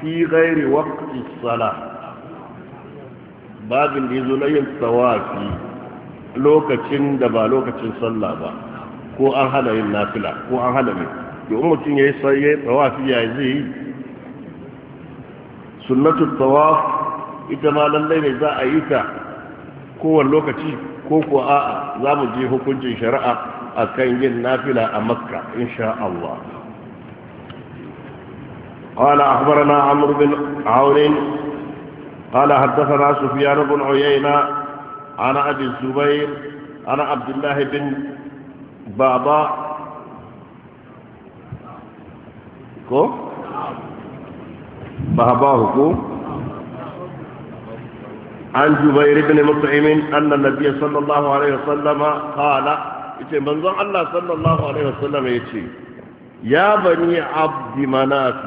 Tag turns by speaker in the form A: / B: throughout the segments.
A: fi ghairi waqti salah babin da yazo na yin tawafi lokacin da ba lokacin sallah ba ko an hana yin nafila ko an hana mai domin mutum yayi sai tawafi ya zai sunnatu tawaf ita ma lallai ne za a yi ta kowane lokaci ko ko a'a za mu je hukuncin shari'a akan yin nafila a makka insha Allah قال أخبرنا عمرو بن عون
B: قال حدثنا سفيان بن عيينة
A: عن أبي الزبير عن عبد الله بن بعضاء كو بابا كو
B: عن جبير بن
A: مطعم أن النبي صلى الله عليه وسلم قال yace الله صلى الله عليه وسلم yace يا بني عبد مناف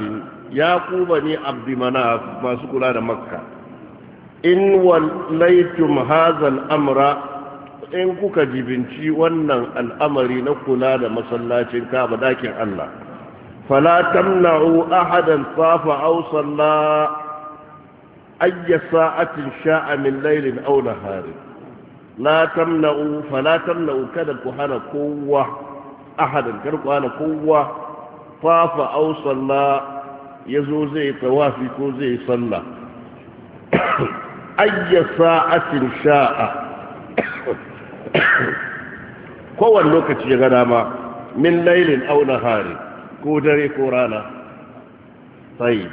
A: ya ku Abdi abdimanaf masu kula da makka in wallaitum hazal amra in kuka jibinci wannan al'amari na kula da masallacin kaba dakin Allah fala tamna'u ahadan safa aw salla ayya sa'atin sha'a min laylin aw nahari la tamna'u fala tamna'u kada ku hana kowa ahadan kar ku hana kowa safa aw salla ya zo zai yi tawafi ko zai yi sallah ayya sa'atin sha'a kowane lokaci ya gada ma min lailin auna hari ko dare ko rana sai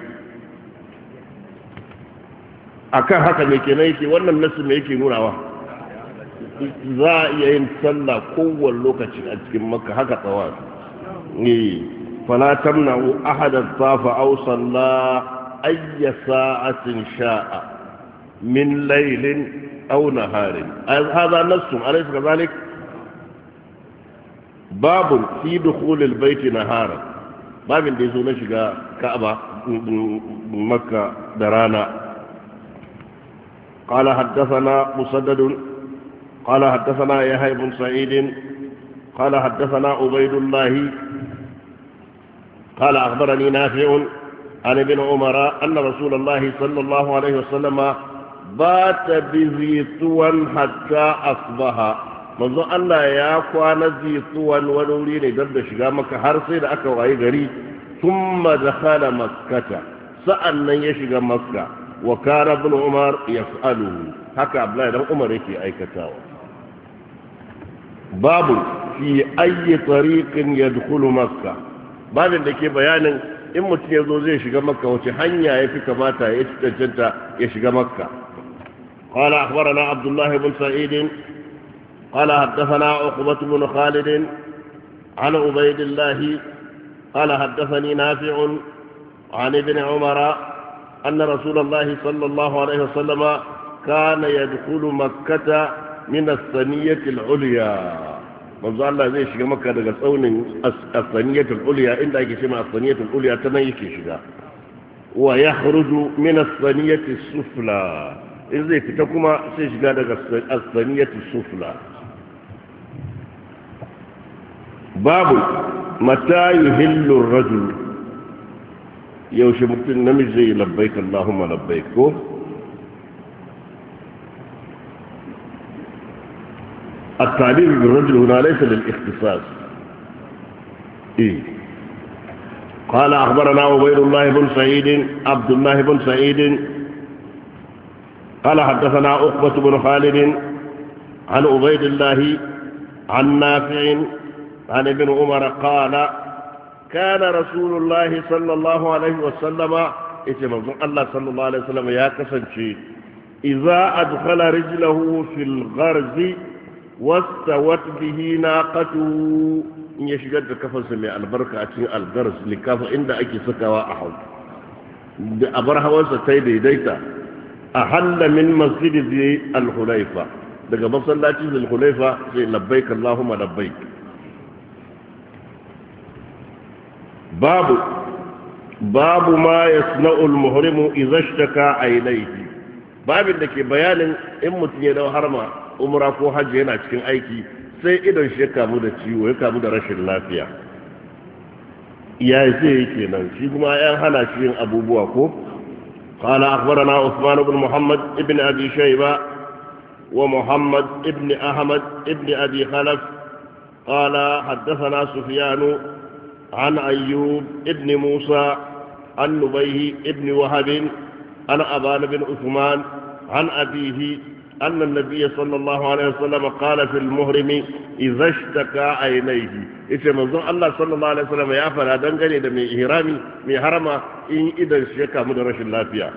A: kan haka mai kenan yake wannan nasu mai yake nunawa za a iya yin sallah kowane lokaci a cikin maka haka tsawa ne eh. فلا تمنعوا أحد الطاف أو صلى أي ساعة شاء من ليل أو نهار هذا نص أليس كذلك باب في دخول البيت نهارا باب da نشقى na shiga Ka'aba Makka da قال حدثنا مسدد قال حدثنا يحيى بن سعيد قال حدثنا عبيد الله قال أخبرني نافع عن ابن عمر أن رسول الله صلى الله عليه وسلم بات بذي حتى أصبح manzo Allah ya kwana zitsuwan wani wuri ne don da shiga maka har sai da aka waye gari sun madakhala maskata sa'an nan ya shiga maska wa kara bin umar ya sa'aluhu haka abdullahi dan umar yake aikatawa babu fi ayi tariqin yadkhulu maska babin da ke bayanin in mutum ya zo zai shiga makka wace hanya ya fi kamata ya ci cancanta ya shiga makka قال أخبرنا عبد الله بن سعيد قال حدثنا عقبة بن خالد عن عبيد الله قال حدثني نافع عن ابن عمر أن رسول الله صلى الله عليه وسلم كان يدخل مكة من الثنية العليا manzo Allah zai shiga maka daga tsaunin asaniyatul ulya inda ake cewa asaniyatul ulya ta nan yake shiga wa yakhruju min asaniyati sufla in zai fita kuma sai shiga daga asaniyati sufla babu mata yuhillu rajul yaushe mutum namiji zai labbaik Allahumma labbaik ko التعليل بالرجل هنا ليس للاختصاص إيه؟ قال أخبرنا عبيد الله بن سعيد عبد الله بن سعيد قال حدثنا أخبة بن خالد عن عبيد الله عن نافع عن ابن عمر قال كان رسول الله صلى الله عليه وسلم اتمنى الله صلى الله عليه وسلم يا كسنشي إذا أدخل رجله في الغرز wastawat bihi naqatu in ya shigar da kafarsa mai albarka a cikin algaras likafa inda ake sakawa a hau da abar hawansa ta daidaita a halla masjidi zai alhulaifa daga masallacin alhulaifa sai labbaik allahumma labbaik babu babu ma yasna'u almuhrimu a yi laifi. babin da ke bayanin in mutum ya dau harma Umra ko hajji yana cikin aiki sai idan shi ya kamu da ciwo ya kamu da rashin lafiya. Iyaye sai ya nan shi kuma ƴan hana shi yin abubuwa ko. Qala akwati Usman bin Muhammad Ibn Abishayyaba wa Muhammad Ibn Ahmad Ibn Abixhalaf. Qala haddasa na Sufiyanu a hana Ibn Musa, a hana Ababaihi Ibn Wuhabe, a hana Ababar bin Usman an abibi. أن النبي صلى الله عليه وسلم قال في المهرم إذا اشتكى عينيه إذا منظر الله صلى الله عليه وسلم يا فلا دنجني دم إهرامي من حرم إن إذا اشتكى مدرش اللافية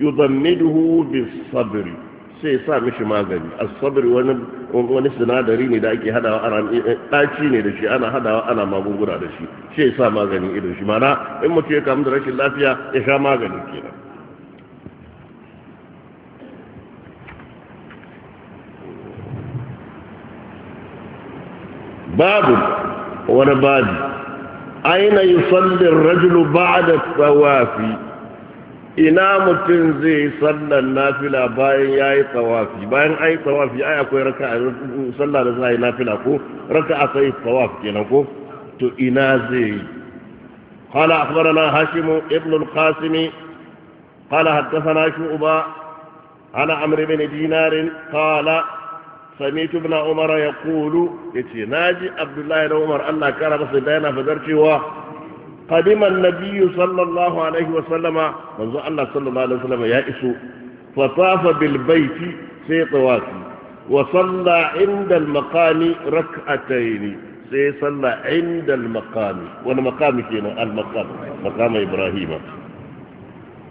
A: يضمده بالصبر sai sa mishi magani asabar wani wani sinadari ne da ake hadawa ana ɗaci ne da shi ana hadawa ana magunguna da shi sai sa magani irin shi mana in mutum ya kamu da rashin lafiya ya sha magani kenan babu wani babi aina yi sallin rajulu ba da tsawafi ina mutum zai yi sallar nafila bayan ya yi tsawafi bayan a yi tsawafi ai akwai raka a sallah da za a yi nafila ko raka a sai tsawafi kenan ko to ina zai yi قال أخبرنا هاشم ابن القاسم قال حدثنا شعبة عن عمرو بن دينار قال سميت ابن عمر يقول يتي ناجي عبد الله بن عمر الله كان بس بينا فدرتي قدم النبي صلى الله عليه وسلم منذ الله صلى الله عليه وسلم يائس فطاف بالبيت في طوافي وصلى عند المقام ركعتين سي صلى عند المقام والمقام كنا المقام مقام إبراهيم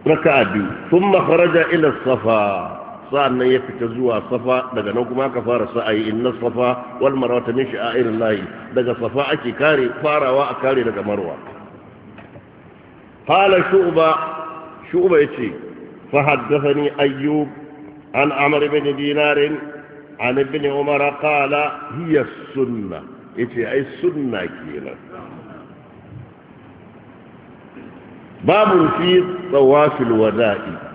A: ركع ثم خرج إلى الصفا nan ya fita zuwa safa daga nan kuma ka fara sa'ayi na safa wal marwa ta min sha'irin layi. daga safa ake kare farawa a kare daga marwa Shu'uba ya ce Fahad fa Sani ayyub an amari bin dinarin an ibn umar kala hiya sunna ce ai sunna kenan babu fi tsawafil wada'i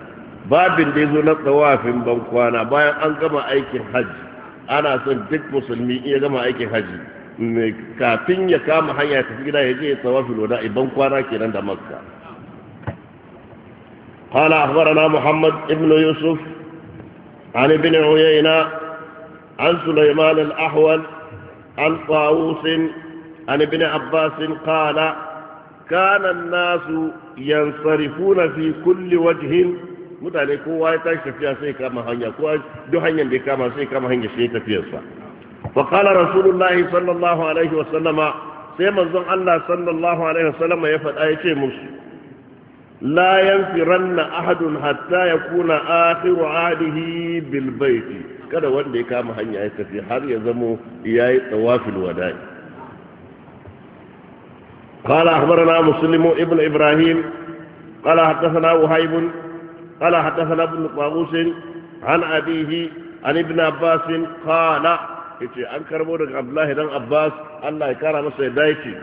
A: babin da ya zo na tsawafin bankwana bayan an gama aikin hajji ana son duk musulmi iya gama aikin hajji kafin ya kama hanya tafi gida ya je ya tsawafin wada iban kwana kenan da makka قال أخبرنا محمد ابن يوسف عن ابن عيينة عن سليمان الأحول عن طاووس عن ابن عباس قال كان الناس ينصرفون في كل وجه mutane kowa ya tashi tafiya sai kama hanya kowa duk hanyar da ya kama sai kama hanya sai tafiyarsa wa qala rasulullahi sallallahu alaihi wa sallama sai manzon Allah sallallahu alaihi wa sallama ya faɗa ya ce musu la yanfiranna ahadun hatta yakuna akhiru ahdihi bil baiti kada wanda ya kama hanya ya tafi har ya zamo yayi tawafil wada'i قال أخبرنا مسلم ابن إبراهيم قال حدثنا وهيب قال حدثنا ابن طاووس عن أبيه عن ابن عباس قال يتي أنكر بودك عبد الله بن عباس الله يكرم سيدايتي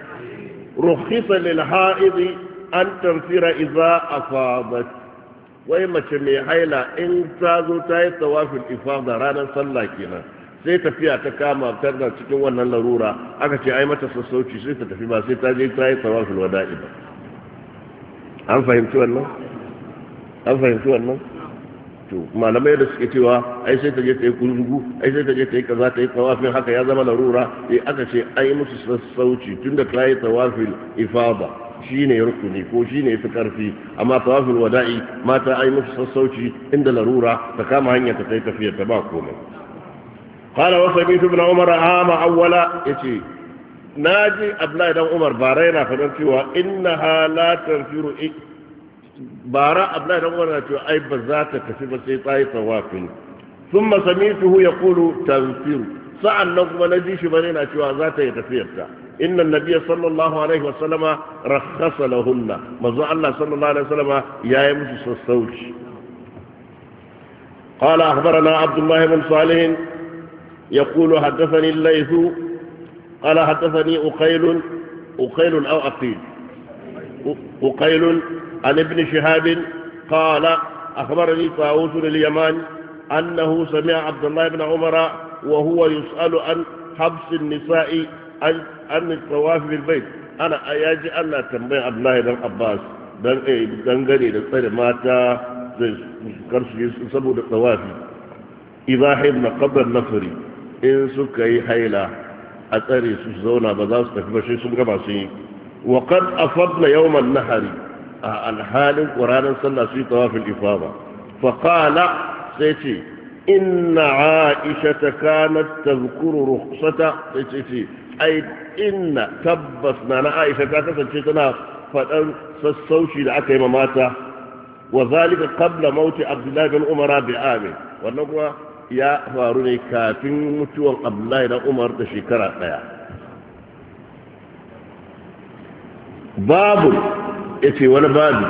A: رخص للحائض أن تنفر إذا أفاضت wai mace mai haila in ta zo ta yi tsawafin ifada ranar sallah kenan sai tafiya ta kama tana cikin wannan larura aka ce ai mata sassauci sai ta tafi ba sai ta ta yi tsawafin wada'i ba an fahimci wannan an fahimci wannan to malamai da suke cewa ai sai ta je ta yi kurzugu ai sai ta je ta yi kaza ta yi tawafin haka ya zama larura eh aka ce ai musu sassauci tunda ta yi tawafin ifaba shi ne rukuni ko shi ne yafi karfi amma tawafin wada'i mata ai musu sassauci inda larura ta kama hanya ta yi tafiya ta ba komai قال وسميت ابن عمر ya ce na ناجي abdullahi dan umar bara yana fadan cewa innaha la tarfiru بارا الله رمضان يقول أي بذات سيطاية وافل ثم سميته يقول تغفر سأل نظم الذي شبرين أتوا ذات يتفير إن النبي صلى الله عليه وسلم رخص لهن مزع الله صلى الله عليه وسلم يا يمس الصوج قال أخبرنا عبد الله بن صالح يقول حدثني الليث قال حدثني أقيل أقيل أو أقيل وقيل عن ابن شهاب قال أخبرني طاووس اليمان أنه سمع عبد الله بن عمر وهو يسأل عن حبس النساء عن الطواف بالبيت أنا أياجي أن تنبيه عبد الله بن عباس بن إيه دن غني دن طير ماتا كرسي سبو الطواف إباحة من قبر النفر إن سكي حيلة أتاري سوزونا بذاس تكبشي سمك باسيك وقد أفضنا يوم النهر آه، الحال قرانا صلى في طواف الإفاضة فقال سيتي إن عائشة كانت تذكر رخصة سيتي أي إن تبصنا عائشة كانت تشتنا فأن سسوشي لأكي مماتا وذلك قبل موت عبد الله بن عمر بعام ونقوى يا فاروني كافين متوى قبل الله بن عمر تشكرا babu yace wani babu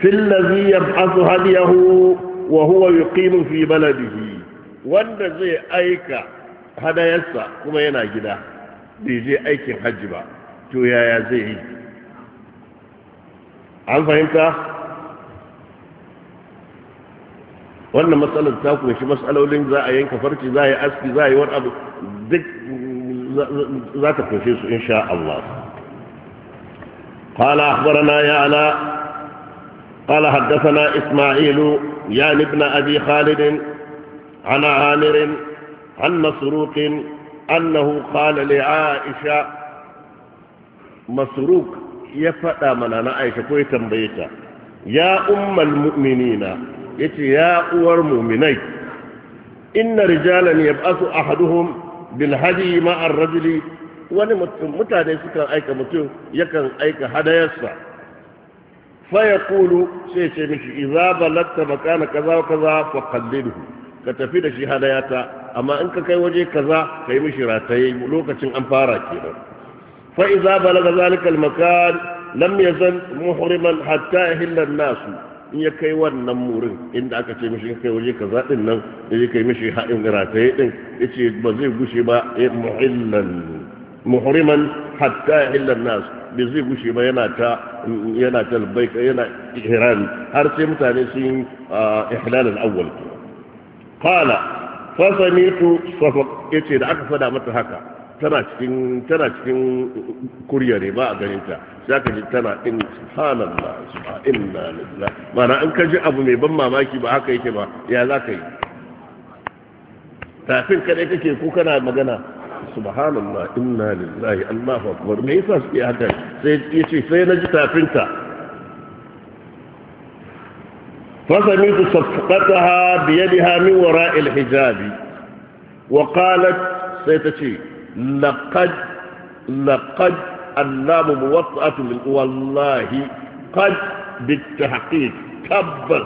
A: fil ladhi yab'athu hadiyahu wa huwa yuqimu fi wanda zai aika hadayarsa kuma yana gida bai je aikin hajji ba to yaya zai yi an fahimta wannan matsalar ta kunshi matsalolin za a yanka farci za a yi aski za a yi wani abu duk za ta kunshe su insha Allah قال أخبرنا يعلى قال حدثنا إسماعيل يعني ابن أبي خالد عن عامر عن مسروق أنه قال لعائشة مسروق يفتى من أنا عائشة كويتا بيتا يا أم المؤمنين يتي يا أور مؤمني إن رجالا يبأس أحدهم بالهدي مع الرجل wani mutane sukan aika mutum yakan aika hadayarsa faya kulu sai ce mishi iza balatta makana kaza kaza fa qallidhu ka tafi da shi hadayata amma in ka kai waje kaza kai mishi rataye lokacin an fara kenan fa iza balaga zalika almakan lam yazal muhriman hatta yahilla an-nasu in ya kai wannan murin inda aka ce mishi kai waje kaza din nan da ya kai mishi haɗin rataye din yace ba zai gushe ba eh, muhillan mu'illan muhriman hatta yahilla nas bai zai gushe ba yana ta yana ta labbaik yana ihram har sai mutane sun ihlal al-awwal qala fa sami'tu safaq yace da aka fada mata haka tana cikin tana cikin kurya ne ba a ganin ta za ka ji tana in subhanallah inna lillahi mana an kaji abu mai ban mamaki ba haka yake ba ya za ka yi tafin kadai kake ko kana magana سبحان الله إنا لله الله أكبر ما يفاس في هذا يشي سينجي تافنتا فسميت صفقتها بيدها من وراء الحجاب وقالت سيتشي لقد لقد اللام موطأة من والله قد بالتحقيق تبس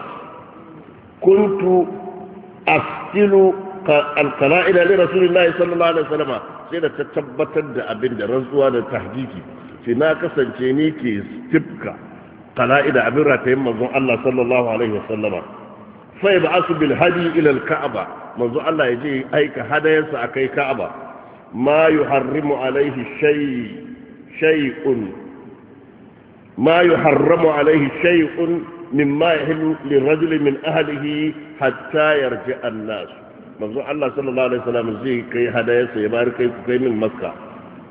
A: كنت أفتل القرائن لرسول الله صلى الله عليه وسلم sai da ta tabbatar da abin da rantsuwa da tahdiki ce na kasance ni ke tifka kala'ida abin ratayin manzon Allah sallallahu alaihi wasallama sai ba asu bil hadi ila ka'aba manzon Allah ya je aika hadayarsa akai ka'aba ma yuharrimu alaihi shay'un ma yuharramu alaihi shay'un mimma yahillu lirajuli min ahlihi hatta yarji'a an-nas manzo Allah sallallahu alaihi wasallam zai kai hadayarsa ya bar kai ku kai min makka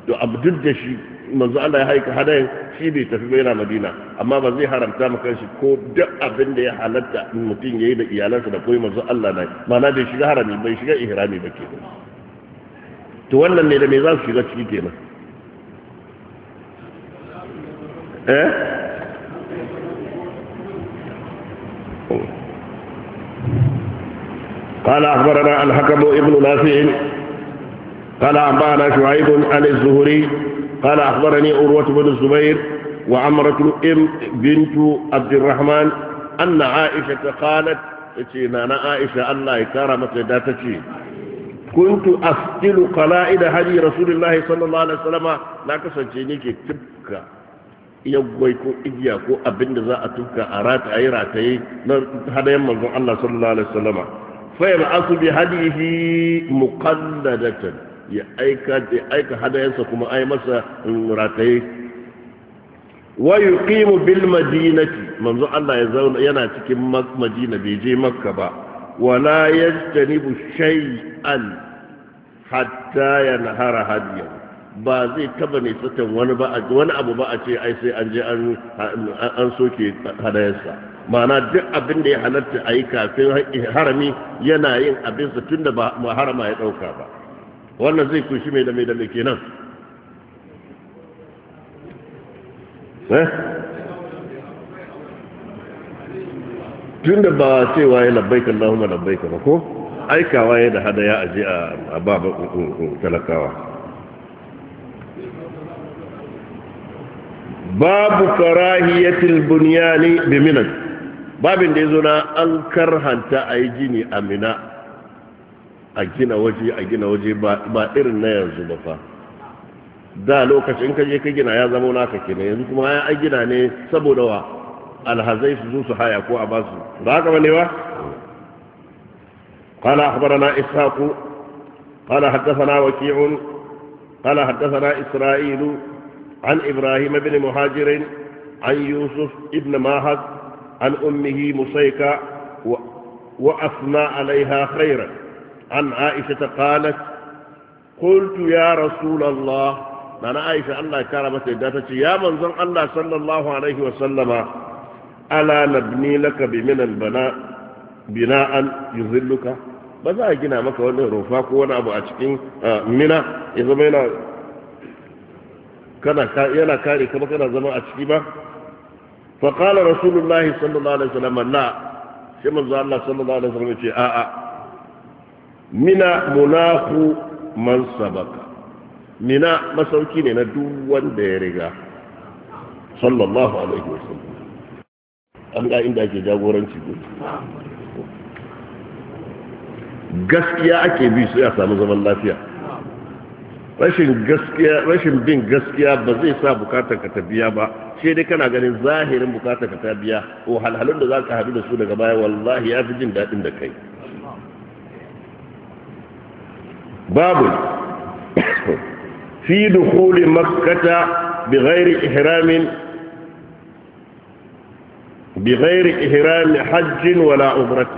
A: to abdud da shi manzo Allah ya haika hadayar, shi bai tafi bai na madina amma ba zai haramta maka shi ko duk abin da ya halatta mutum ya yi da iyalansa da koyi manzo Allah na mana bai shiga harami bai shiga ihrami ba ke to wannan ne da me za su shiga ciki kenan eh قال أخبرنا الحكم ابن نافع قال أنبأنا شعيب عن الزهري قال أخبرني عروة بن الزبير وعمرة إم بنت عبد الرحمن أن عائشة قالت إتينا عائشة الله كرمت ذاتك كنت أفتل قلائد هدي رسول الله صلى الله عليه وسلم لا كسجينيك تبكى yagwai ko igiya ko abin da za a tuka a rataye rataye na hadayen manzon Allah sallallahu alaihi wasallama bi hadihi muqaddadatan ya aika hadayensa kuma ai masa rataye wa yuqimu bil madinati manzo Allah ya zauna yana cikin Madina bai je Makka ba wala yajtanibu shay'an hatta yanhara hadiyan ba zai taba ne satan wani ba wani abu ba a ce ai sai an je an an soke hadayensa ma'ana duk abin da ya halatta a yi kafin harami yana yin abinsa tun da ba harama ya ɗauka ba wannan zai kushi mai dame-dame da mai kenan eh? tun da ba cewa ya na Allahumma labbaika ba ko aikawa ya da hadaya a aji a baba talakawa babu karahiyatil bunyani bi minan babin da ya zo na an karhanta a yi gini a mina a gina waje a gina waje ba irin na yanzu ba fa da lokacin ka je ka gina ya zama naka kenan yanzu kuma ya gina ne saboda wa alhazai su zo su haya ko a basu ba haka bane ba na قال أخبرنا haddasa na حدثنا وكيع haddasa na Isra'ilu, an إبراهيم bin muhajirin, an Yusuf, Ibn ماهد عن أمه مصيكة وأثنى عليها خيرا عن عائشة قالت قلت يا رسول الله أنا عائشة الله كرمت ذاتك يا منظر الله صلى الله عليه وسلم ألا نبني لك بمن البناء بناء يظلك ba za a رفاق maka أبو rufa ko آه، إذا abu a cikin mina ya zama yana kana فقال رسول الله صلى الله عليه وسلم لا كما الله صلى الله عليه وسلم يقول آآ آه. من من سبق mina masauki ne na duk wanda ya riga sallallahu alaihi wasallam an ga inda ake jagoranci
B: gaskiya ake bi su
A: ya samu zaman lafiya rashin gaskiya rashin bin gaskiya ba zai sa bukatar ka biya ba sai dai kana ganin zahirin bukatar ka tabiya ko halhalun da za ka hadu da su daga baya wallahi ya fi jin daɗin da kai babu fi dukhul makkata bighairi ihramin ghairi ihram hajj wala umrah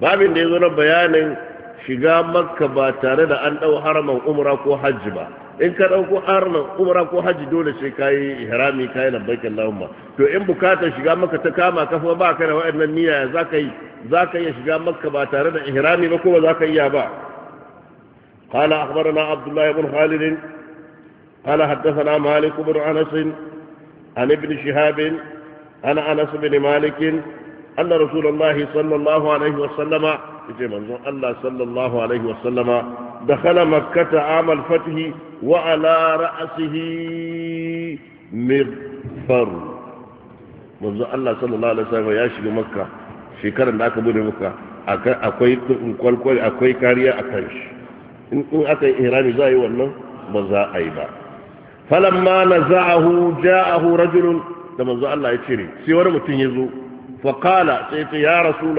A: babin da zo na bayanin shiga makka ba tare da an ɗau haraman umra ko hajji ba in ka ɗauko haraman umra ko hajji dole sai ka yi ihrami ka yi labbaikin lahumma to in bukatar shiga makka ta kama kafa ba ka da waɗannan niyya za ka yi za ka iya shiga makka ba tare da ihrami ba ko ba za ka iya ba قال أخبرنا عبد الله بن خالد قال حدثنا مالك بن أنس عن ابن شهاب عن أنس بن مالك أن رسول الله صلى الله yace manzon Allah sallallahu alaihi wa sallama dakhala makkata amal fathi wa ala ra'sihi mifar manzon Allah sallallahu alaihi wa sallama ya shiga makka shekarar da aka bude makka akwai kwalkwali akwai kariya a kan shi in aka yi ihrami za a yi wannan ba za a yi ba falamma naza'ahu ja'ahu rajulun da manzo Allah ya cire sai wani mutum ya zo فقال سيدي ya رسول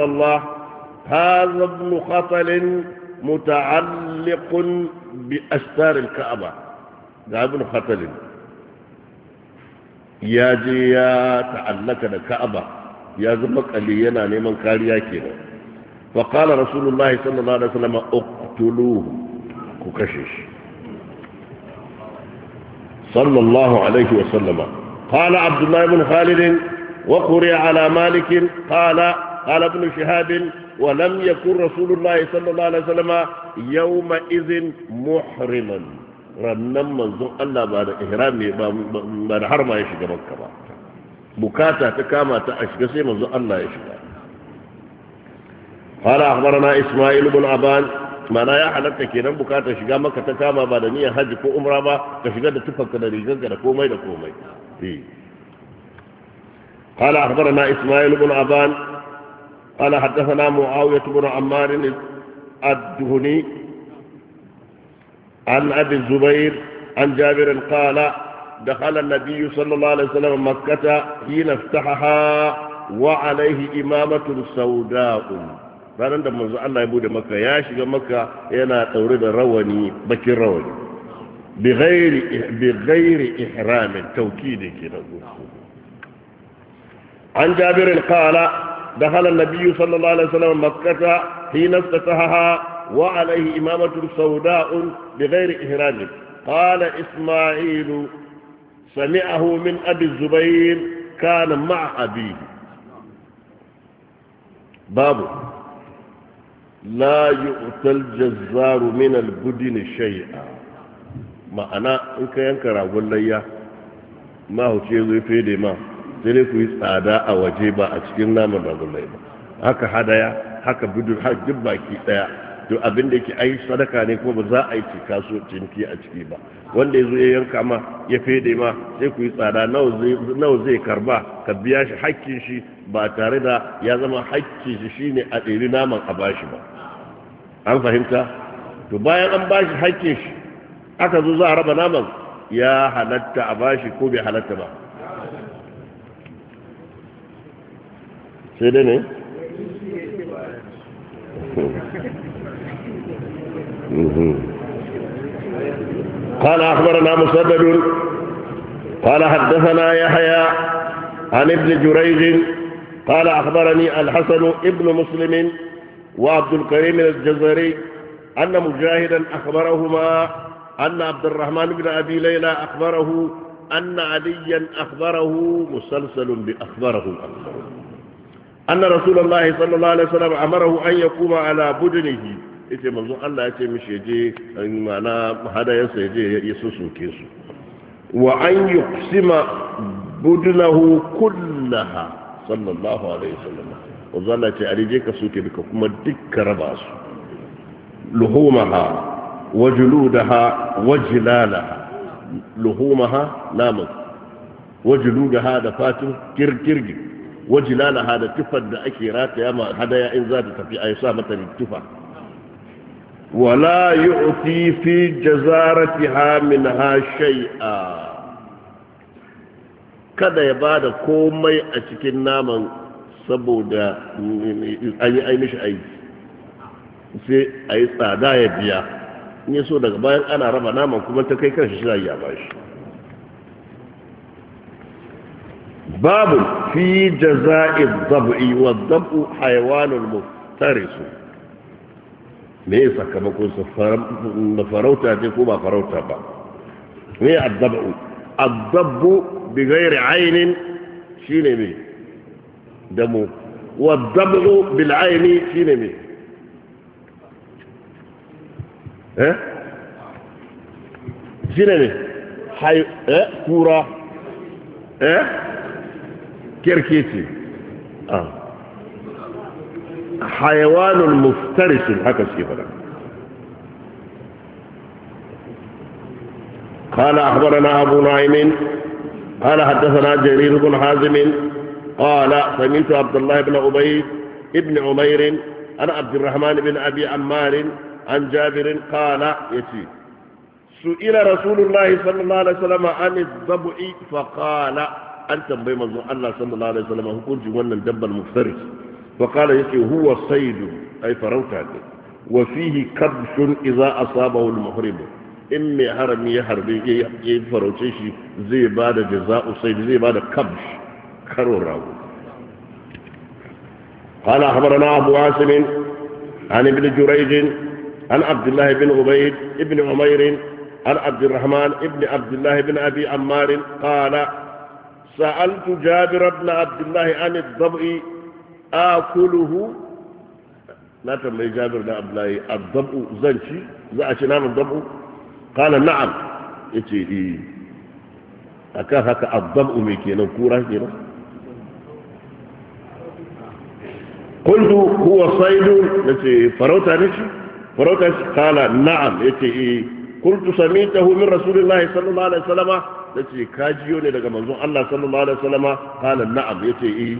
A: هذا ابن خطل متعلق بأستار الكعبة هذا ابن خطل يا جي يا تعلقنا كعبة يا زبك ألينا نيمان كارياكينا فقال رسول الله صلى الله عليه وسلم اقتلوه ككشش صلى الله عليه وسلم قال عبد الله بن خالد وقري على مالك قال قال ابن شهاب ولم يكن رسول الله صلى الله عليه وسلم يومئذ محرما رنم منذ ألا بعد إهرام بعد حرم يشجع مكة بكاتا تكاما تأشجسي منذ ألا يشجع قال أخبرنا إسماعيل بن عبان ما لا يحلق كيرم بكاتا شجع مكة تكاما بعد نية حج كو أمرا با تشجع تفك نريجن كنا كومي نكومي إيه. قال أخبرنا إسماعيل بن عبان قال حدثنا معاوية بن عمار الدهني عن أبي الزبير عن جابر قال دخل النبي صلى الله عليه وسلم مكة حين افتحها وعليه إمامة سوداء فأنا عندما الله يبود مكة يا ياشق مكة أنا أريد روني بكر روني بغير بغير إحرام توكيد كذا عن جابر قال دخل النبي صلى الله عليه وسلم مكة حين افتتحها وعليه إمامة سوداء بغير إهرام قال إسماعيل سمعه من أبي الزبير كان مع أبيه باب لا يؤتى الجزار من البدن شيئا ma'ana إنك ينكر أقول ما هو شيء يفيد ما sai dai ku yi tsada a waje ba a cikin naman ragulai ba haka hadaya haka bidur har duk baki daya to abin da yake ai sadaka ne kuma ba za a yi kaso cinki a ciki ba wanda ya zo ya yanka ma ya fede ma sai ku yi tsada nawa zai karba ka biya shi hakkin shi ba tare da ya zama hakkin shi shine a ɗeri naman a bashi ba an fahimta to bayan an bashi hakkin shi aka zo za a raba naman ya halatta a bashi ko bai halatta ba sai ne
B: mm-hmm. قال أخبرنا مسدد قال حدثنا يحيى
A: عن ابن جريج قال أخبرني الحسن ابن مسلم وعبد الكريم الجزري أن مجاهدا أخبرهما أن عبد الرحمن بن أبي ليلى أخبره أن عليا أخبره مسلسل بأخبره
B: الأخبر
A: anna rasulullahi sallallahu alaihi wasallam amarahu an yakuma ala budunihi yace manzon Allah yace mishi yaje mana hadayarsa yaje ya suke su wa an yuqsima budunahu kullaha sallallahu alaihi wasallam manzon Allah yace arije ka suke duka kuma dukka raba su luhumaha wa juludaha wa jilalaha luhumaha namun wa juludaha da fatin? kirkirgi wajilalaha da tufar da ake rataya ma hadaya in za ta tafi a sa mata tufa wala yu'ti fi jazaratiha ha shay'a kada ya bada komai a cikin naman saboda an yi ainihin aiki sai a yi tsada ya biya in so daga bayan ana raba naman kuma ta kai kan shi shi ya bashi باب في جزاء الضبع والضبع حيوان مفترس ليس كما كن فروتا تكوبا فروتا با مي الضبع الضبع بغير عين شين مي دمو والضبع بالعين شين مي ها شين مي حي... ها كورة ها kirke ce a haiwanin mustarishin haka ce fara kala akwara na abu na'imin kala haddasa na jerin gun hazimin kala samitu abdullahi ibn ubayi ibn umairin an abdurrahman ibn abi ammarin an jabirin kala ya ce su ila rasulun lahi sallallahu alaihi sallama an zabu'i fa kala an tambayi manzon Allah sallallahu alaihi wasallam hukuncin wannan dabbar muftaris fa qala yake huwa saydu ay farauta ne wa fihi kabshun idza asabahu al-muhrim in mai harami ya harbe ya farauce shi zai ba da jaza'u sayd zai ba da kabsh karo rago قال أخبرنا أبو عاصم عن ابن جريج عن عبد الله بن عبيد بن عمير عن عبد الرحمن بن عبد الله بن أبي عمار قال سألت جابر بن عبد الله عن الضبع آكله لا تملي جابر بن عبد الله الضبع زنشي زعش نام الضبع قال نعم يتي إيه أكا هكا ميكينا نعم، كورا نعم. قلت هو صيد يتي فروتا نشي فروتا قال نعم يتي إيه قلت سميته من رسول الله صلى الله عليه وسلم nace ka jiyo ne daga manzon Allah sallallahu alaihi wasallama kana na'am yace eh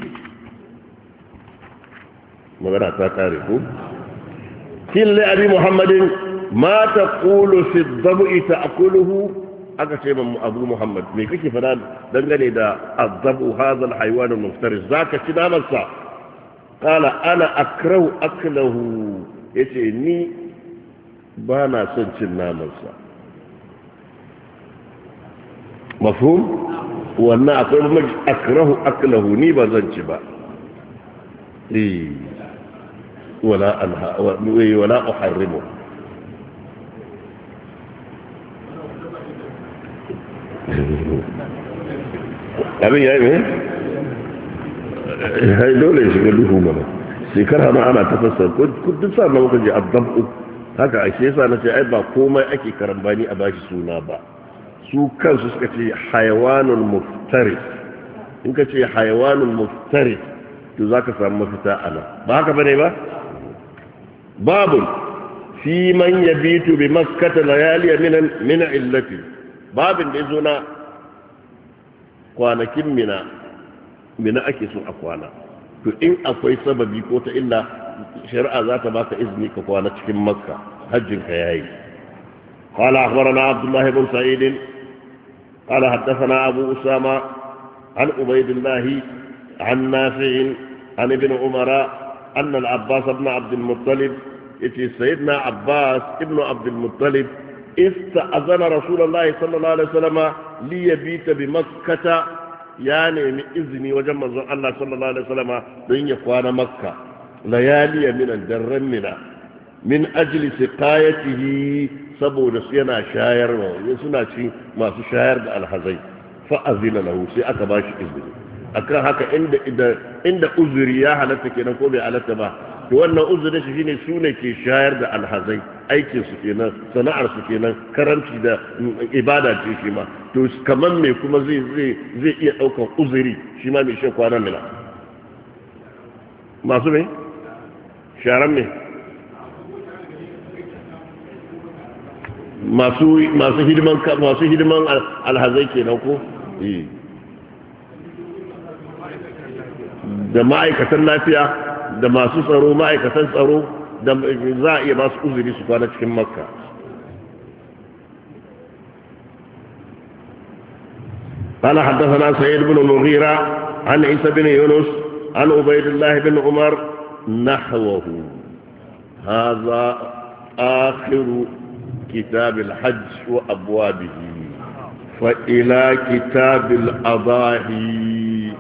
A: magana ta kare ko kin li abi muhammadin ma taqulu fi dhabi ta'kuluhu aka ce mu abu muhammad me kake fada dangane da azabu hadha alhayawan almuftaris zaka ci damarsa qala ana akrahu aklahu yace ni ba na son cin namansa mafhum wannan akwai mafi akrahu aklahu ni ba zan ci ba eh, wala anha eh, wala uharrimu abin ya yi ne? hai eh, dole shiga duhu mana shekara ma ana tafasar kudin sa na muka ji abdabu haka a shi yasa na ce ai ba komai ake karambani a bashi suna ba su kansu suka ce haiwanun muftari in ka ce haiwanun muftari to za ka samu mafita a nan ba haka bane ba babu fi man yabitu bi makkata layaliya min illati babin da yazo na kwanakin mina mina ake so a kwana to in akwai sababi ko ta illa shari'a za ta baka izini ka kwana cikin makka hajjinka yayi قال أخبرنا عبد الله بن سعيد قال حدثنا أبو أسامة عن عبيد الله عن نافع عن ابن عمر أن العباس بن عبد المطلب يتي سيدنا عباس ابن عبد المطلب استأذن رسول الله صلى الله عليه وسلم ليبيت بمكة يعني من إذني وجمع الله صلى الله عليه وسلم لن يقوان مكة ليالي من الدرمنا من أجل سقايته saboda su yana shayarwa suna ci masu shayar da alhazai fa'azina lahu sai aka ba shi izini akan haka inda uzuri ya halatta kenan ko bai halatta ba to wannan uzuri shi shine su ne ke shayar da alhazai aikin su kenan sana'ar su kenan karanci da ibada ce shi ma to kaman me kuma zai zai zai iya daukan uzuri shi ma mai shan kwanan mina masu me
B: sharan me masu
A: hidiman masu hidiman alhazai kenan ko eh. da ma'aikatan lafiya da masu tsaro ma'aikatan tsaro da za a iya masu uzuri su kwana cikin makka قال حدثنا سيد بن المغيرة عن عيسى بن يونس عن عبيد الله بن عمر نحوه هذا آخر كتاب الحج وأبوابه فإلى كتاب الأضاحي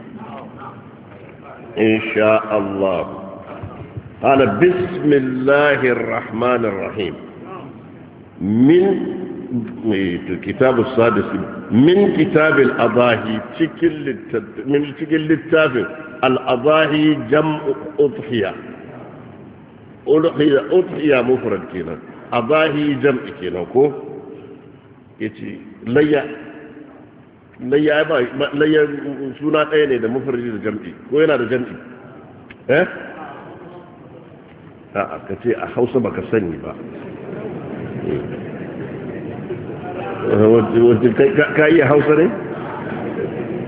A: إن شاء الله قال بسم الله الرحمن الرحيم من الكتاب السادس من كتاب الأضاحي من تكل التافه الأضاحي جمع أضحية أضحية أضحية مفرد كذا abahi jam'i kenan ko yace layya layya ba layya suna ɗaya ne da mufarji da jam'i ko yana da jam'i eh a'a kace a Hausa baka sani ba eh, ka iya hausa ne?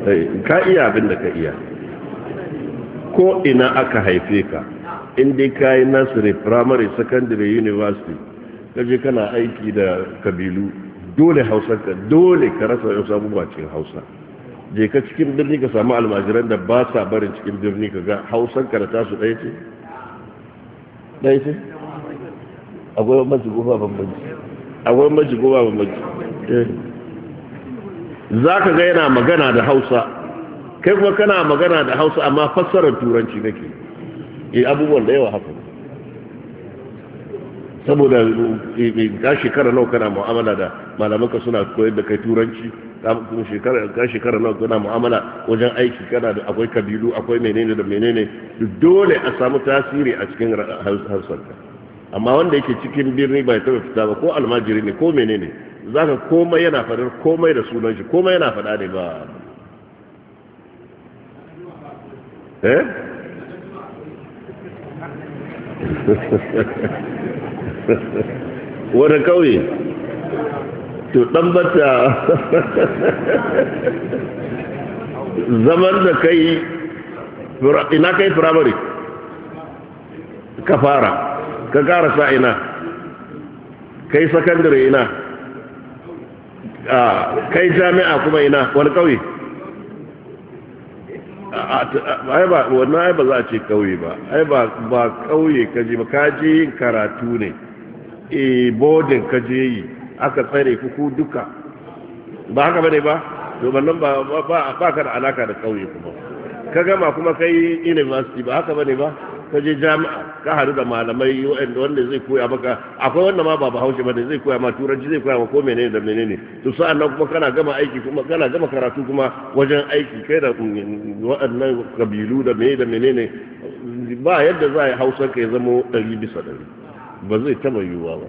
A: Eh, ka iya abin da ka iya ko ina aka haife ka inda ka yi nursery primary secondary university ka je kana aiki da kabilu dole hausa ka dole ka rasa yau samu ba cikin hausa je ka cikin birni ka samu almajiran da ba sa barin cikin birni ka ga hausan ka da tasu ɗaya ce ɗaya ce akwai maji ko ba bambanci akwai maji ko ba bambanci eh. za ka ga yana magana da hausa kai kuma kana magana da hausa amma fassarar turanci nake eh, abubuwan da yawa haka saboda ka eh, shekara nawa kana mu'amala da malamanka suna koyar da kai turanci ka shekara nawa kana mu'amala wajen aiki kana da akwai kabilu akwai menene da menene dole a samu tasiri a cikin harsarka amma wanda yake cikin birni bai taba fita ba ko almajiri ne ko menene zaka komai yana faɗar komai da sunan shi komai yana faɗa ne ba eh wani kauye to dan bata zaman da kai ina kai firamare ka fara ka karasa ina kai sakandare ina kai jami'a kuma ina wani kauye ai ba wannan ai ba za a ce kauye ba ai ba kauye kaji ba kaji karatu ne e bodin ka je yi aka tsare ku duka ba haka bane ba to wannan ba ba ka da alaka da kauye kuma ka gama kuma kai university ba haka bane ba ka je jami'a ka haɗu da malamai wanda wanda zai koya maka akwai wanda ma ba bahaushe ba da zai koya ma turanci zai koya ma ko menene da menene to sa'an nan kuma kana gama aiki kuma kana gama karatu kuma wajen aiki kai da waɗannan kabilu da menene da menene ba yadda za a yi hausa ka zama zamo ɗari bisa ɗari ba zai taba yiwuwa ba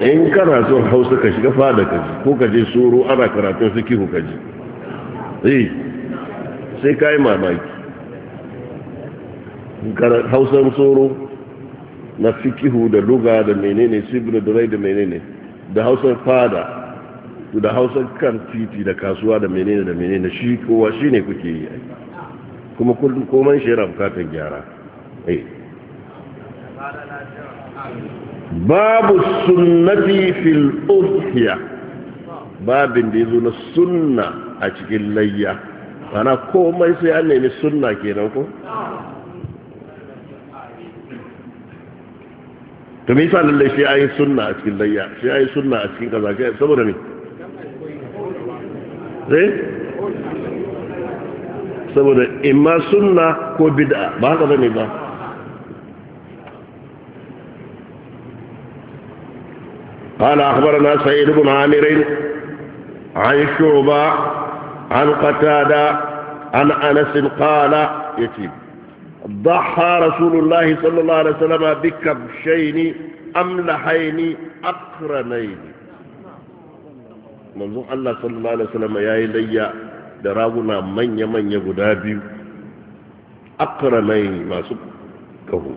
A: in karatun hausa ka shiga fada ka ji ko ka je ana karatun su kihu ka ji eh, sai ka yi mamaki hausan tsoro na fikihu da luga da menene sibir da rai da menene da hausan fada to da hausa kan titi da kasuwa da menene da menene shi kowa shi ne kuke yi kuma kullum koman shi yana bukatar gyara eh.
B: babu sunnati fil udhiya babin
A: da yazo na sunna a cikin layya mana komai sai an nemi sunna kenan ko to me sai lalle shi ayi sunna a cikin layya shi ayi sunna a cikin kaza saboda ne. eh saboda imma sunna ko bid'a ba haka ba قال أخبرنا سيد بن عامر عن شعبة عن قتادة عن أنس قال يتيم ضحى رسول الله صلى الله عليه وسلم بكبشين أملحين أقرنين manzon Allah sallallahu alaihi wasallam yayi layya da raguna manya-manya guda biyu akramai masu kahu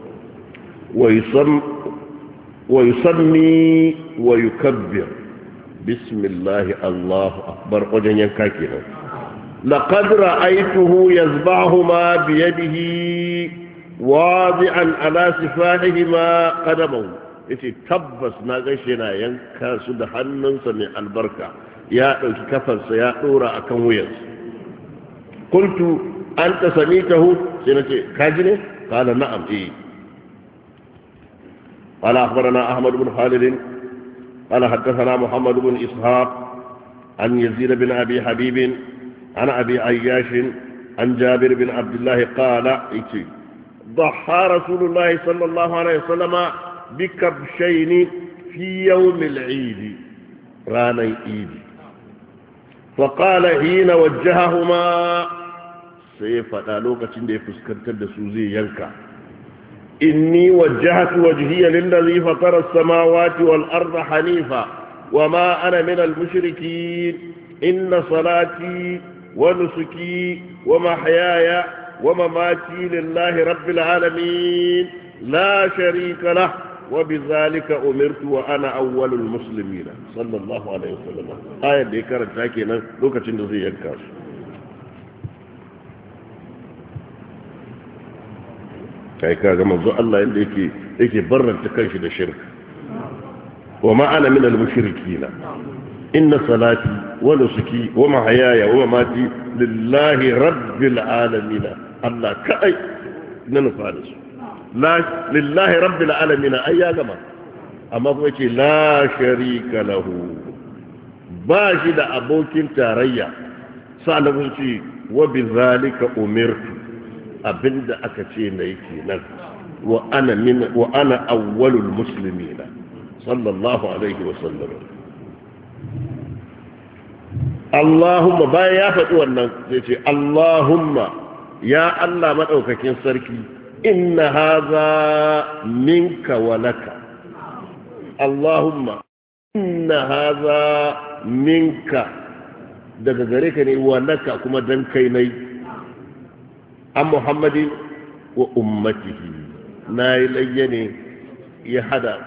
A: wa yusammi wa yukabbir bismillah Allahu akbar wajen yanka kenan laqad ra'aytuhu yazbahuma bi yadihi wadi'an ala sifahihima qadamahu yace tabbas na gaishe na yanka su da hannunsa mai albarka ya ɗauki kafarsa ya ɗora a kan wuyansa kultu an ta sami tahu sai na ce kaji ne kala na'am eh قال أخبرنا أحمد بن خالد قال حدثنا محمد بن إسحاق عن يزيد بن أبي حبيب عن أبي عياش عن جابر بن عبد الله قال ضحى رسول الله صلى الله عليه وسلم بكبشين في يوم العيد رانا عيد فقال حين وجههما سيفتا lokacin da ya fuskantar da su zai yanka inni wajjahtu wajhiya lillazi fatara as-samawati wal arda hanifa wama ana min al inna salati wa wa mahyaya ومماتي لله رب العالمين لا شريك له وبذلك أمرت وأنا أول المسلمين صلى الله عليه وسلم آية دي كانت تاكينا لوكا تندزي يكاس kai kaga manzo Allah yanda yake yake barranta kanshi da shirka wa ma ana min al-mushrikeen inna salati wa nusuki wa mahayaya wa mamati lillahi rabbil Allah kaɗai na nufa da su lillahi rabbil alamin ai ya gama amma kuma ce la sharika lahu ba shi da abokin tarayya sa'alabun ce wa bi zalika umirtu abinda aka ce na yake nan wa ana min wa ana awwalul muslimina sallallahu alaihi wa sallam Allahumma bayan ya faɗi wannan zai ce Allahumma ya Allah maɗaukakin sarki inna haza minka walaka Allahumma inna haza minka daga gare ka ne walaka kuma dan kai nai an muhammadin wa ummatihi na yi layya ne ya hada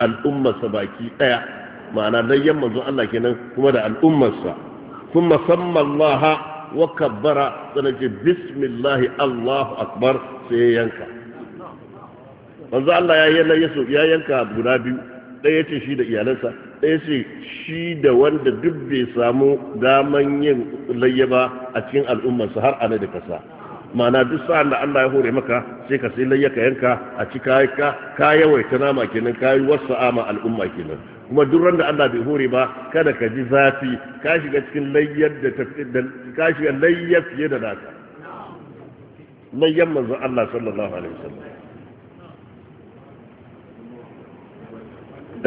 A: al'ummarsa baki daya ma'ana layyan manzo Allah kenan kuma da al'ummarsa kuma samma Allah wa kabbara sannan ce bismillahi allahu akbar sai ya yanka wanzu Allah ya yi ya yanka guda biyu ɗaya ce shi da iyalansa ɗaya ce shi da wanda duk bai samu daman yin layya ba a cikin al'ummarsa har ana da kasa mana duk sa'an da Allah ya hore maka sai ka sai layya ka yanka a ci ka yawaita nama kenan ka yi wasu ama al'umma kenan kuma duk ran da Allah bai hore ba kada ka ji zafi ka shiga cikin layyar da ka shiga layyar fiye da naka layyar manzon Allah sallallahu alaihi wasallam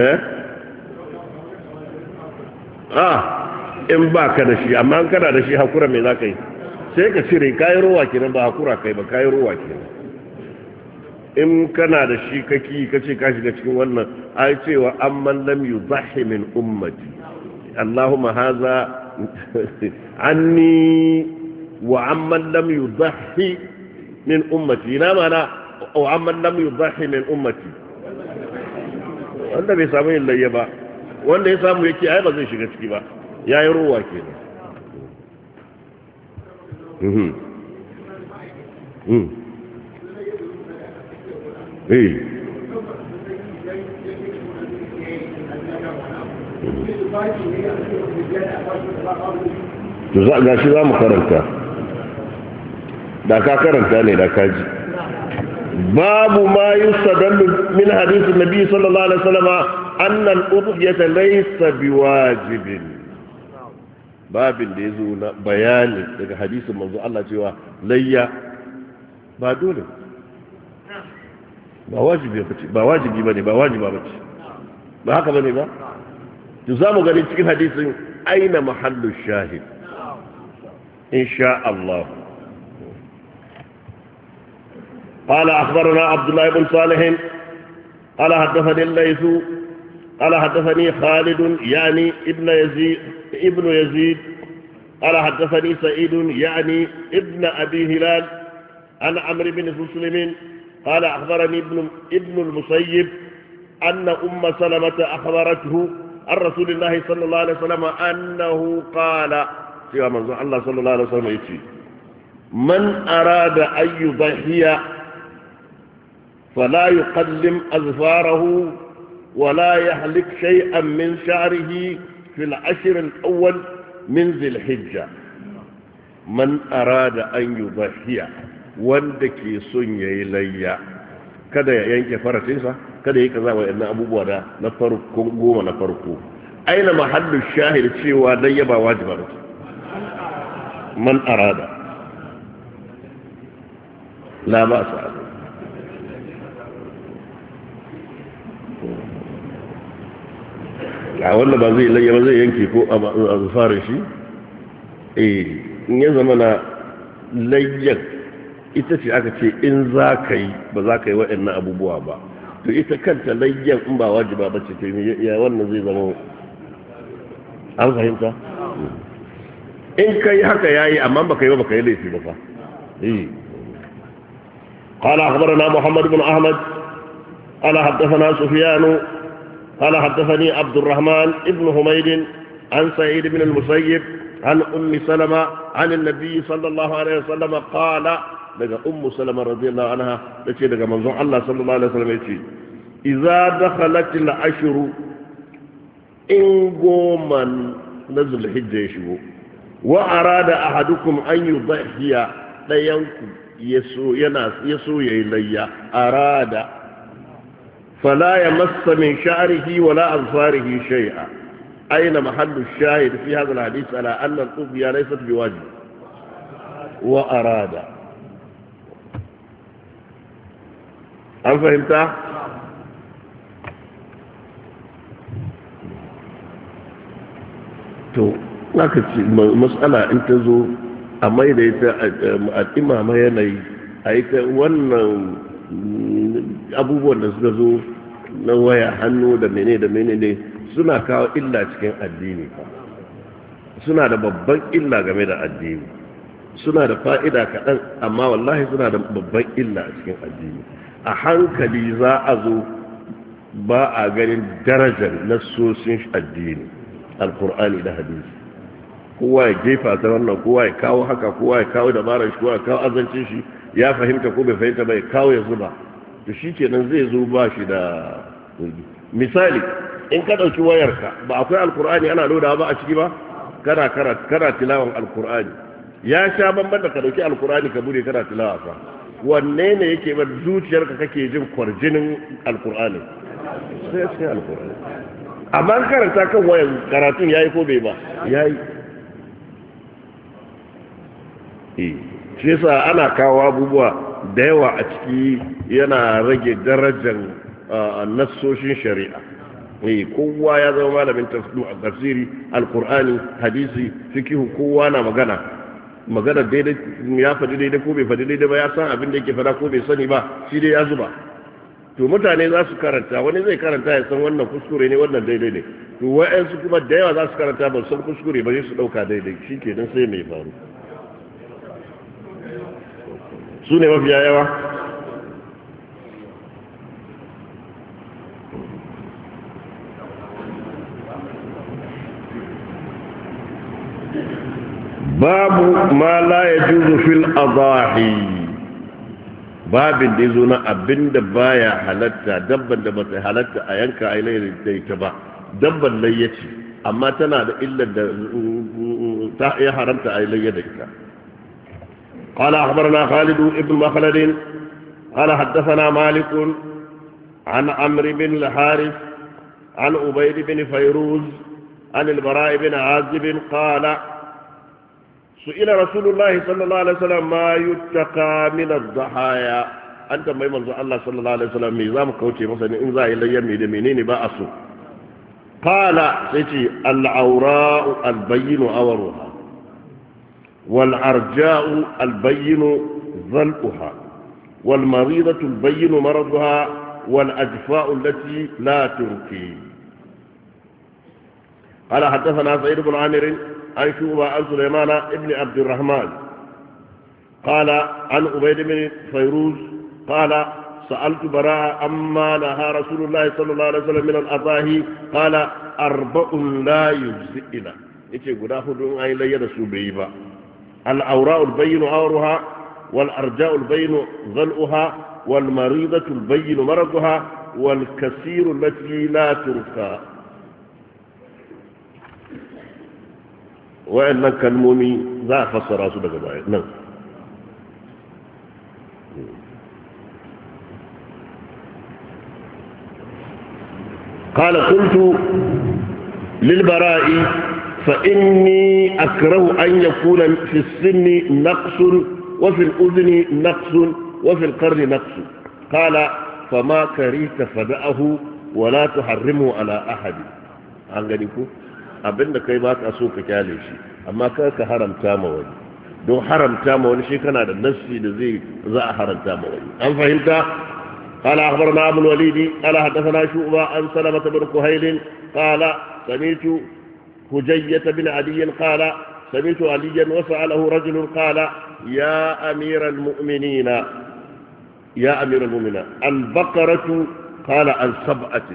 A: eh ah in ba ka da shi amma in kana da shi hakura me za ka yi sai ka cire kai ruwa kenan ba hakura kai ba kai ruwa kenan in kana da shi kaki kace ka shiga cikin wannan ai cewa amman lam yuzahhi min ummati allahumma haza anni wa amman lam yuzahhi min ummati ina mana wa amman lam yuzahhi min ummati wanda bai samu yin layya ba wanda ya samu yake ai ba zai shiga ciki ba yayi ruwa kenan
B: mhm mhm Eh. to za ga shi za mu karanta
A: da ka karanta ne da kaji babu ma yustadallu min hadisi biyu sallallahu alaihi wasallam ya ta laisa bi wajibin babin da ya zo na bayani daga hadisi manzo Allah cewa layya ba dole ba wajibi ba ba wajibi ba ba wajiba ba ba haka ba ba to za gani cikin hadisin aina mahallu shahid insha Allah قال أخبرنا عبد الله بن صالح قال حدثني الليث قال حدثني خالد يعني ابن يزيد ابن يزيد قال حدثني سعيد يعني ابن أبي هلال عن عمرو بن مسلم قال أخبرني ابن, ابن المسيب أن أم سلمة أخبرته عن رسول الله صلى الله عليه وسلم أنه قال سوى من الله صلى الله عليه وسلم يتفي من أراد أن يضحي فلا يقلم أظفاره ولا يهلك شيئا من شعره في العشر الأول من ذي الحجة من أراد أن يضحي wanda ke son ya yi layya kada ya yanke faratinsa kada ya yi kaza wa'annan abubuwa da na farko goma na farko aina mahallin shahid cewa layya ba wajiba ba man arada la ba sa a wanda ba zai layya ba zai yanke ko a zufarin shi eh in ya zama na layyan ita ce aka ce in za ka yi ba za ka yi waɗannan abubuwa ba to ita kanta layyan in ba wajiba ba ce to ya wannan zai zama an fahimta in ka yi haka ya yi amma ba ka yi ba ba ka yi laifi ba fa eh. قال أخبرنا محمد بن أحمد قال حدثنا سفيان قال حدثني عبد الرحمن بن حميد عن سعيد بن المسيب عن أم سلمة عن النبي صلى الله عليه وسلم قال daga ummu salama radiyallahu anha tace daga manzon Allah sallallahu alaihi wasallam yace idza dakhalatil ashru in goman na zulhijja ya shigo wa arada ahadukum an yudhiya dayanku yaso yana yaso yayi layya arada fala yamassa min sha'rihi wala azfarihi shay'a aina mahallu shahid fi hadha al-hadith ala anna al-qubya laysat biwajib wa arada an fahimta to naka ce matsala in ta zo a mai da ita a um, imama yanayi a ita wannan abubuwan da suka zo na waya hannu da mene da mene ne suna kawo illa cikin addini suna da babban illa game da addini suna da fa'ida kaɗan amma wallahi suna da babban illa a cikin addini a hankali za a zo ba a ganin darajar nassosin addini alkur'ani da hadisi kowa ya jefa ta wannan kowa ya kawo haka kowa ya kawo dabarar shi kowa ya kawo azancin shi ya fahimta ko bai fahimta bai kawo ya zuba to shi kenan zai zo ba shi da misali in ka ɗauki wayarka ba akwai alkur'ani ana loda ba a ciki ba kana kana tilawan alkur'ani ya sha bamban da ka ɗauki alkur'ani ka bude kana tilawa fa wanne ne yake bar zuciyarka kake jin kwarjinin alkur'ani sai ya cikin alkur'ani amma karanta kan wayan karatun yi ko bai ba Ya yi. Eh, shi yasa ana kawo abubuwa da yawa a ciki yana rage darajar nassoshin shari'a eh kowa ya zama malamin a tafsiri alkur'ani hadisi fikihu kowa na magana magana ya faɗi daidai ko bai faɗi daidai ba ya san abin da yake faɗa ko bai sani ba shi dai ya zuba to mutane za su karanta wani zai karanta ya san wannan kuskure ne wannan daidai ne to wa'ansu kuma da yawa za su karanta ba san kuskure ba zai su ɗauka daidai shi ke nan sai mai faru su ne mafiya yawa باب ما لا يجوز في الاضاحي باب ديزونا ابن دبايا حلتا دبا دبا حلتا اينكا ايلي ديتا دبا ليتي اما تنا الا دا تا اي حرمت ايلي ديتا قال اخبرنا خالد ابن مخلد قال حدثنا مالك عن عمرو بن الحارث عن عبيد بن فيروز عن البراء بن عازب قال سئل رسول الله صلى الله عليه وسلم ما يتقى من الضحايا أنت ما يمنزو الله صلى الله عليه وسلم ميزام كوتي مثلا إن ذا إلى يمي دمينين بأسو قال سيتي العوراء البين أورها والعرجاء البين ظلؤها والمريضة البين مرضها والأجفاء التي لا تركي قال حدثنا سيد بن عامر أي في أبا سليمان ابن عبد الرحمن قال عن أبيد بن فيروز قال سألت براء أما نهى رسول الله صلى الله عليه وسلم من الأضاهي قال أربع لا يجزئنا إلى إيش يقول أخذ أي لا يدسو الأوراء البين عورها والأرجاء البين ظلؤها والمريضة البين مرضها والكثير التي لا تركها وإن kalmomi za a fassara su daga bayan قال قلت للبراء فإني أكره أن يكون في السن نقص وفي الأذن نقص وفي القرن نقص قال فما كريت فدأه ولا تحرمه على أحد عن abinda kai ba ka so ka kyale shi amma kar ka haramta ma wani don haramta ma wani shi kana da nassi da zai za a haramta ma wani an fahimta قال أخبرنا أبو الوليد قال حدثنا شعبة عن سلمة بن كهيل قال سمعت حجية بن علي قال سمعت عليا وسأله رجل قال يا أمير المؤمنين يا أمير المؤمنين البقرة قال عن سبعة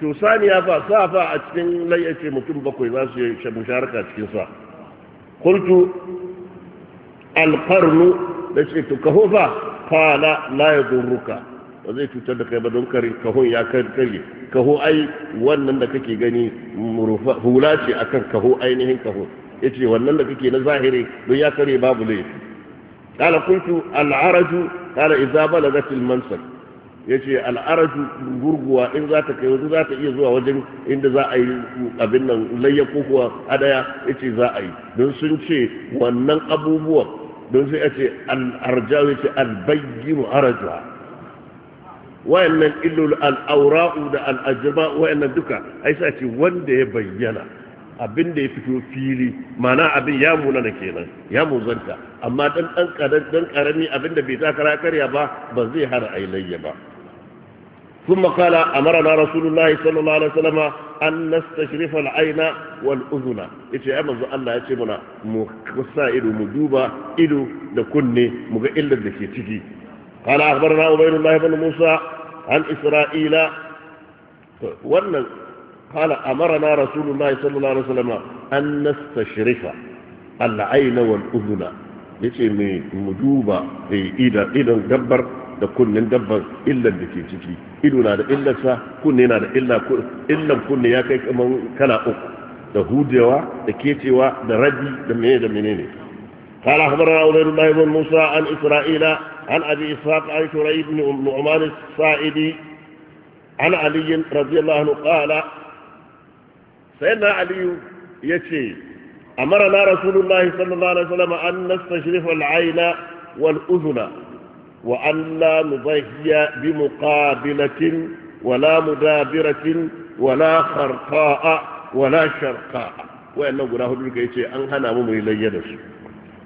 A: to Sani ya fa sa fa a cikin layyace mutum bakwai za su yi musharaka cikin sa qultu alfarnu da ce to kaho fa qala la ba zai cutar da kai ba don kare kahon ya karye kaho ai wannan da kake gani hula ce akan kaho ainihin kaho yace wannan da kake na zahiri don ya kare babu laifi qala qultu al'araju qala idza balagat al-mansab ya ce al'aratu gurguwa in za ta kai wasu za ta iya zuwa wajen inda za a yi abin nan layya ko kuwa adaya ya ce za a yi don sun ce wannan abubuwan don sai ya ce al'arjawa ya ce Wa arjuwa nan illul al'aura'u da al'ajaba nan duka ai sa ce wanda ya bayyana abin da ya fito fili mana abin ya muna da kenan ya muzanta amma dan dan karami abin da bai takara karya ba ba zai hana ailayya ba ثم قال أمرنا رسول الله صلى الله عليه وسلم أن نستشرف العين والأذن إيش أمز الله يتي منا مكسا إدو مدوبة إدو لكني مغئل لكي تجي قال أخبرنا عبيد الله بن موسى عن إسرائيل وأن قال أمرنا رسول الله صلى الله عليه وسلم أن نستشرف العين والأذن يتي مدوبة إدو دبر da kunnin dabban illar da ke ciki ido na da illarsa kunne na da illa illar kunne ya kai kaman kala uku da hudewa da kecewa da rabi da menene da menene قال أخبرنا عبيد الله بن موسى عن إسرائيل عن أبي إسحاق عن شريح بن نعمان الصائدي عن علي رضي الله عنه قال سيدنا علي يتي أمرنا رسول الله صلى الله عليه وسلم أن نستشرف العين والأذن وأن لا نضيع بمقابلة ولا مدابرة ولا خرقاء ولا شرقاء وأنه قراه بالكيسي أنهنا ممن يدس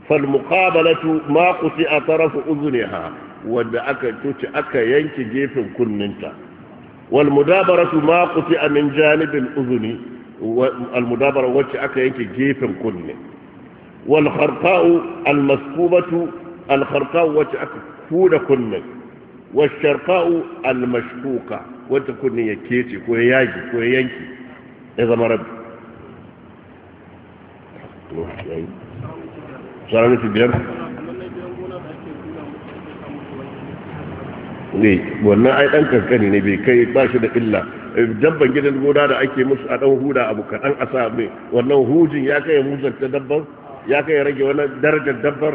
A: فالمقابلة ما قطع طرف أذنها وأن أكا ينكي جيف كننتا والمدابرة ما قطع من جانب الأذن المدابرة وجه أكا ينكي جيف كن والخرقاء المسكوبة الخرقاء وجه huda kunnin washarfa'u almashkuka wata kunnin ya kece ko ya yaji ko ya yanki ya zama rabbi ne wannan ai dan kankani ne bai kai ba shi da illa dabban gidan gona da ake musu a dan huda abu kaɗan a sa mai wannan hujin ya kai ta dabban ya kai rage wani darajar dabbar